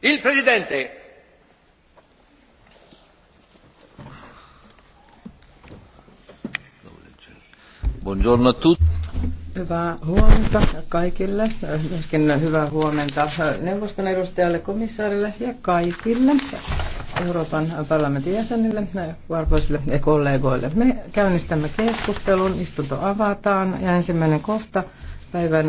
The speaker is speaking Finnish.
Il Presidente. Buongiorno a tutti. Hyvää huomenta kaikille, myöskin hyvää huomenta neuvoston edustajalle, komissaarille ja kaikille Euroopan parlamentin jäsenille, arvoisille ja kollegoille. Me käynnistämme keskustelun, istunto avataan ja ensimmäinen kohta päivän